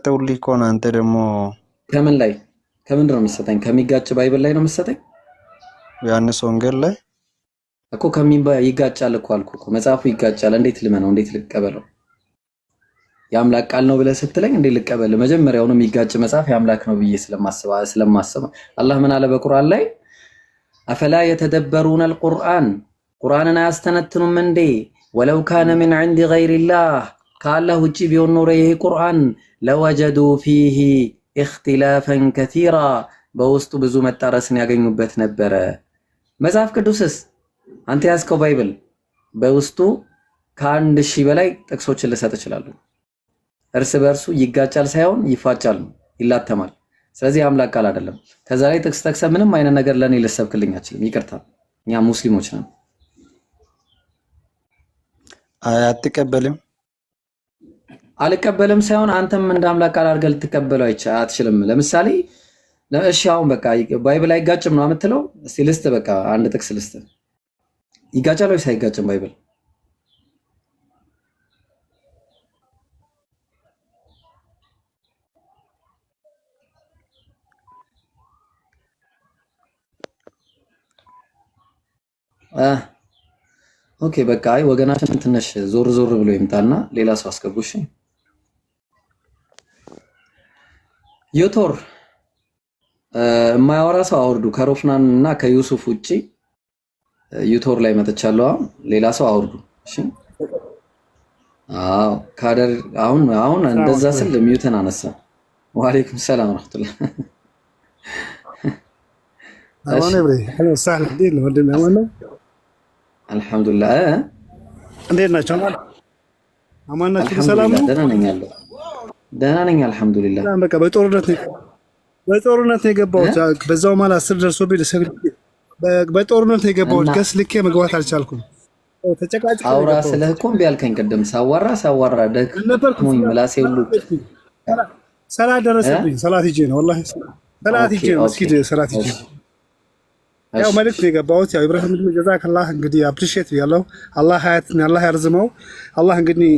የሰጠውልኝ እኮ አንተ ደግሞ ከምን ላይ ከምንድን ነው የምትሰጠኝ? ከሚጋጭ ባይብል ላይ ነው የምትሰጠኝ? ዮሐንስ ወንጌል ላይ እኮ ይጋጫል እኮ አልኩ እኮ መጽሐፉ ይጋጫል። እንዴት ልመነው? እንዴት ልቀበለው? የአምላክ ቃል ነው ብለህ ስትለኝ እንዴት ልቀበል? መጀመሪያውኑ የሚጋጭ መጽሐፍ የአምላክ ነው ብዬ ስለማስባ ስለማስብ አላህ ምን አለ በቁርአን ላይ አፈላ የተደበሩን አልቁርአን ቁርአንን አያስተነትኑም እንዴ? ወለው ካነ ምን ዐንድ ገይሪላህ ከአላህ ውጭ ቢሆን ኖሮ ይሄ ቁርአን ለወጀዱ ፊሂ ኢኽቲላፈን ከቲራ በውስጡ ብዙ መጣረስን ያገኙበት ነበረ። መጽሐፍ ቅዱስስ አንተ ያዝከው ባይብል በውስጡ ከአንድ ሺህ በላይ ጥቅሶችን ልሰጥ እችላለሁ። እርስ በእርሱ ይጋጫል ሳይሆን ይፋጫል ይላተማል። ስለዚህ አምላክ ቃል አይደለም። ከዛ ላይ ጥቅስ ጠቅሰ ምንም አይነት ነገር ለእኔ ልሰብክልኝ አችልም። ይቅርታ፣ እኛ ሙስሊሞች ነን። አትቀበልም አልቀበልም ሳይሆን አንተም እንደ አምላክ አድርገህ ልትቀበለው አትችልም። ለምሳሌ እሺ አሁን በቃ ባይብል አይጋጭም ነው የምትለው? እስቲ ልስጥ፣ በቃ አንድ ጥቅስ ልስጥ። ይጋጫል ወይስ አይጋጭም ባይብል? ኦኬ በቃ አይ ወገናችን ትንሽ ዞር ዞር ብሎ ይምጣና ሌላ ሰው አስገቡሽ። ዮቶር የማያወራ ሰው አውርዱ። ከሮፍናን እና ከዩሱፍ ውጪ ዩቶር ላይ መጥቻለሁ። ሌላ ሰው አውርዱ። እሺ። አዎ ካደር አሁን አሁን እንደዛ ስል ሚዩትን አነሳ። ወአለይኩም ሰላም ወራህመቱላህ። አልሐምዱሊላህ። እንዴት ናቸው? አማን ናቸው? ሰላም ነው። ደህና ነኝ አለሁ ደህና ነኝ፣ አልሐምዱሊላህ። በቃ በጦርነት በጦርነት ነው የገባሁት። በዛው ማል አስር ደርሶ በጦርነት ነው የገባሁት። ገስ ልኬ መግባት አልቻልኩም። አውራ ስለህ እኮ እምቢ አልከኝ። ቅድም ሳዋራ ሳዋራ ደክሞኝ ምላሴ ሁሉ ሰላት ደረሰብኝ። ሰላት ይዤ ነው ወላሂ ሰላት ይዤ ነው መስጊድ ሰላት ይዤ ነው ያው መልእክት የገባሁት። ያው ኢብራሂም ጀዛከላህ እንግዲህ አፕሪሺየት ያለው አላህ ሀያትን አላህ ያርዝመው። አላህ እንግዲህ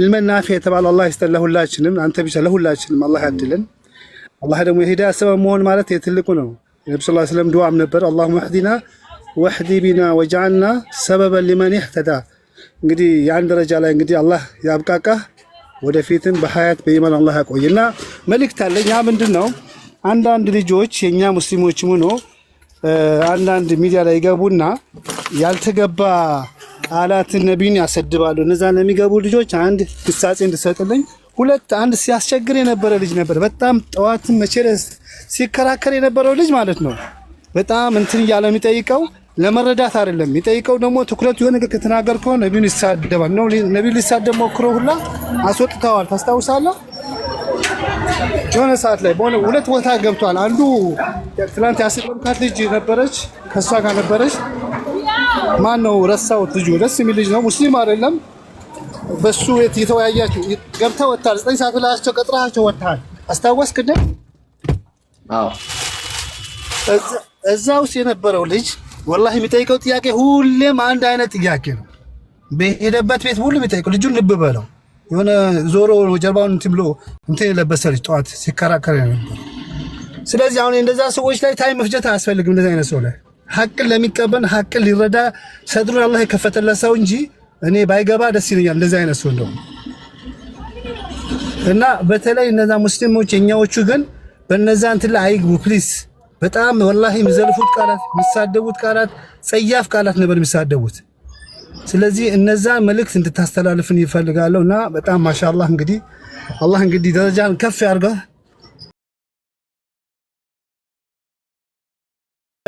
ኢልመናፊ የተባለ አላህ ይስጠን ለሁላችንም፣ አንተ ብቻ ለሁላችንም አላህ ያድልን። አላህ ደግሞ የሂዳ ሰበብ መሆን ማለት የትልቁ ነው። የነቢ ስ ስለም ድዋም ነበር አላሁመ ህዲና ወህዲ ቢና ወጃአልና ሰበበ ሊመን ይህተዳ። እንግዲህ የአንድ ደረጃ ላይ እንግዲህ አላህ ያብቃቃህ፣ ወደፊትም በሀያት በኢማን አላህ ያቆይ እና መልእክት አለኝ። ያ ምንድን ነው? አንዳንድ ልጆች የእኛ ሙስሊሞችም ሆኖ አንዳንድ ሚዲያ ላይ ይገቡና ያልተገባ ቃላት ነቢዩን ያሰድባሉ። እነዛ ለሚገቡ ልጆች አንድ ግሳጼ እንድሰጥልኝ ሁለት አንድ ሲያስቸግር የነበረ ልጅ ነበር። በጣም ጠዋትን መቼ ሲከራከር የነበረው ልጅ ማለት ነው። በጣም እንትን እያለ የሚጠይቀው ለመረዳት አይደለም የሚጠይቀው ደግሞ ትኩረት የሆነ ነገር ከተናገርከ ነቢዩን ይሳደባል። ነው ነቢዩ ሊሳደብ ሞክሮ ሁላ አስወጥተዋል። ታስታውሳለ የሆነ ሰዓት ላይ በሆነ ሁለት ቦታ ገብቷል። አንዱ ትላንት ያስበርካት ልጅ ነበረች፣ ከእሷ ጋር ነበረች ማን ነው ረሳሁት። ልጁ ደስ የሚል ልጅ ነው፣ ሙስሊም አይደለም። በሱ የተወያያችሁ ገብተህ ወጥተሃል። ዘጠኝ ሰዓት ብላቸው ቀጥረሃቸው ወጥተሃል። አስታወስክ? ቅድም እዛ ውስጥ የነበረው ልጅ ወላሂ የሚጠይቀው ጥያቄ ሁሌም አንድ አይነት ጥያቄ ነው። በሄደበት ቤት ሁሉ የሚጠይቀው ልጁን ልብ በለው የሆነ ዞሮ ጀርባውን እንትን ብሎ እንትን የለበሰ ልጅ ጠዋት ሲከራከር ነበር። ስለዚህ አሁን እንደዛ ሰዎች ላይ ታይም መፍጀት አያስፈልግም። እንደዚህ አይነት ሰው ላይ ሐቅን ለሚቀበል ሐቅን ሊረዳ ሰድሩን አላህ የከፈተለት ሰው እንጂ እኔ ባይገባ ደስ ይለኛል። እንደዚህ አይነት ሰው እንደውም እና በተለይ እነዛ ሙስሊሞች የኛዎቹ ግን በነዛ እንትን ላይ አይግቡ ፕሊስ። በጣም ወላሂ የሚዘልፉት ቃላት፣ የሚሳደቡት ቃላት፣ ጸያፍ ቃላት ነበር የሚሳደቡት። ስለዚህ እነዛ መልእክት እንድታስተላልፍን ይፈልጋለሁ እና በጣም ማሻአላህ እንግዲህ አላህ እንግዲህ ደረጃን ከፍ ያርጋ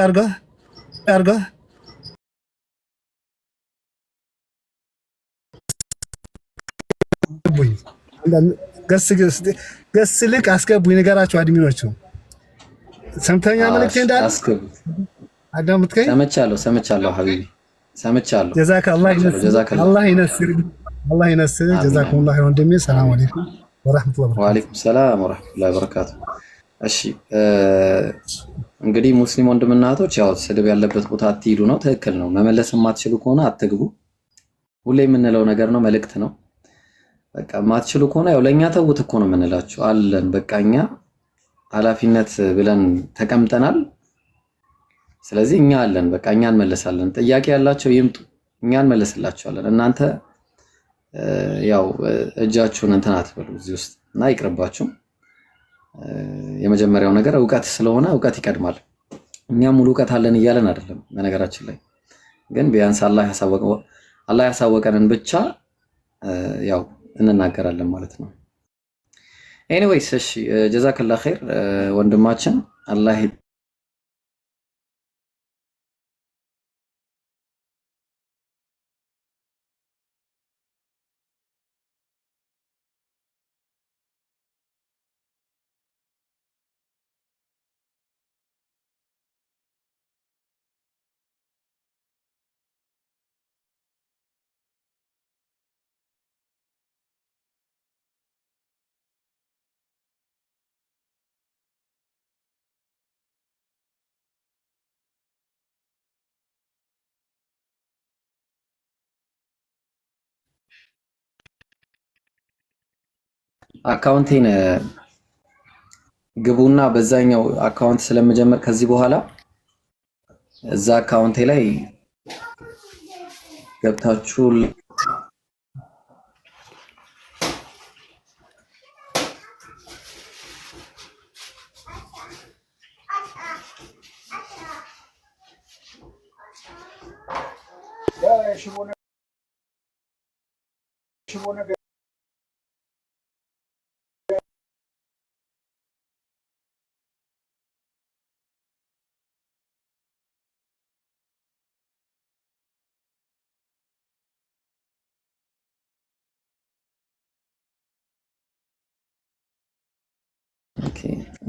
ያርጋ አድርገህ ገስ ልቅ አስገቡኝ። ንገራቸው ሰምተኛ ሰምቻለሁ፣ ሰምቻለሁ ሀቢቢ ሰምቻለሁ። አላህ ይነስር፣ አላህ ይነስር። ሰላም አለይኩም ወአለይኩም ሰላም እሺ እንግዲህ ሙስሊም ወንድም እናቶች ያው ስድብ ያለበት ቦታ አትሂዱ ነው። ትክክል ነው። መመለስ የማትችሉ ከሆነ አትግቡ። ሁሌ የምንለው ነገር ነው፣ መልእክት ነው። በቃ የማትችሉ ከሆነ ያው ለእኛ ተውት እኮ ነው የምንላችሁ አለን። በቃ እኛ ኃላፊነት ብለን ተቀምጠናል። ስለዚህ እኛ አለን። በቃ እኛ እንመለሳለን። ጥያቄ ያላቸው ይምጡ፣ እኛ እንመለስላቸዋለን። እናንተ ያው እጃችሁን እንትን አትበሉ እዚህ ውስጥ እና ይቅርባችሁ። የመጀመሪያው ነገር እውቀት ስለሆነ እውቀት ይቀድማል። እኛም ሙሉ እውቀት አለን እያለን አይደለም። በነገራችን ላይ ግን ቢያንስ አላህ ያሳወቀንን ብቻ ያው እንናገራለን ማለት ነው። ኤኒዌይስ እሺ፣ ጀዛክላ ኸይር ወንድማችን አላህ አካውንቴን ግቡና በዛኛው አካውንት ስለምጀምር ከዚህ በኋላ እዛ አካውንቴ ላይ ገብታችሁ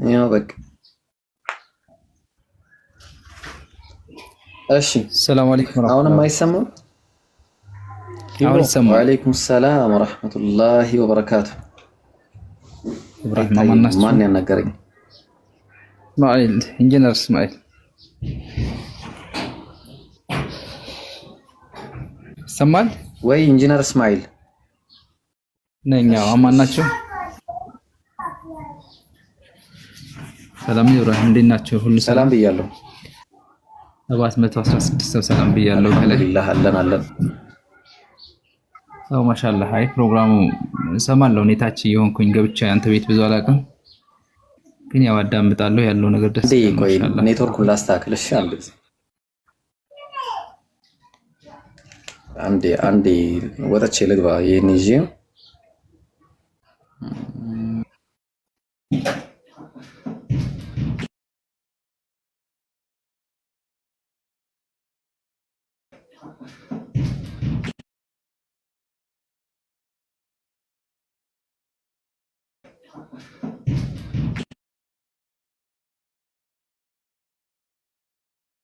يابك اشي السلام عليكم ورحمه الله ما يسمع اهلا وسهلا عليكم السلام ورحمه الله وبركاته ابراهيم ما ماني انا قري ما عليك انجنير اسماعيل سمال وي انجنير اسماعيل نعم اما ناتشو ሰላም ኢብራሂም፣ እንዴት ናቸው? ሁሉ ሰላም ብያለሁ። 716 ሰው ሰላም ብያለሁ። ከለላህ አለን አለን። ሰው ማሻአላህ። አይ ፕሮግራሙ እሰማለሁ። ኔታች እየሆንኩኝ ገብቻ አንተ ቤት ብዙ አላውቅም፣ ግን ያው አዳምጣለሁ። ያለው ነገር ደስ ይላል። ቆይ ኔትወርኩን ላስተካክል። እሺ፣ አንድ አንዴ አንዴ ወጥቼ ልግባ። ይሄን ይዤ Thank you.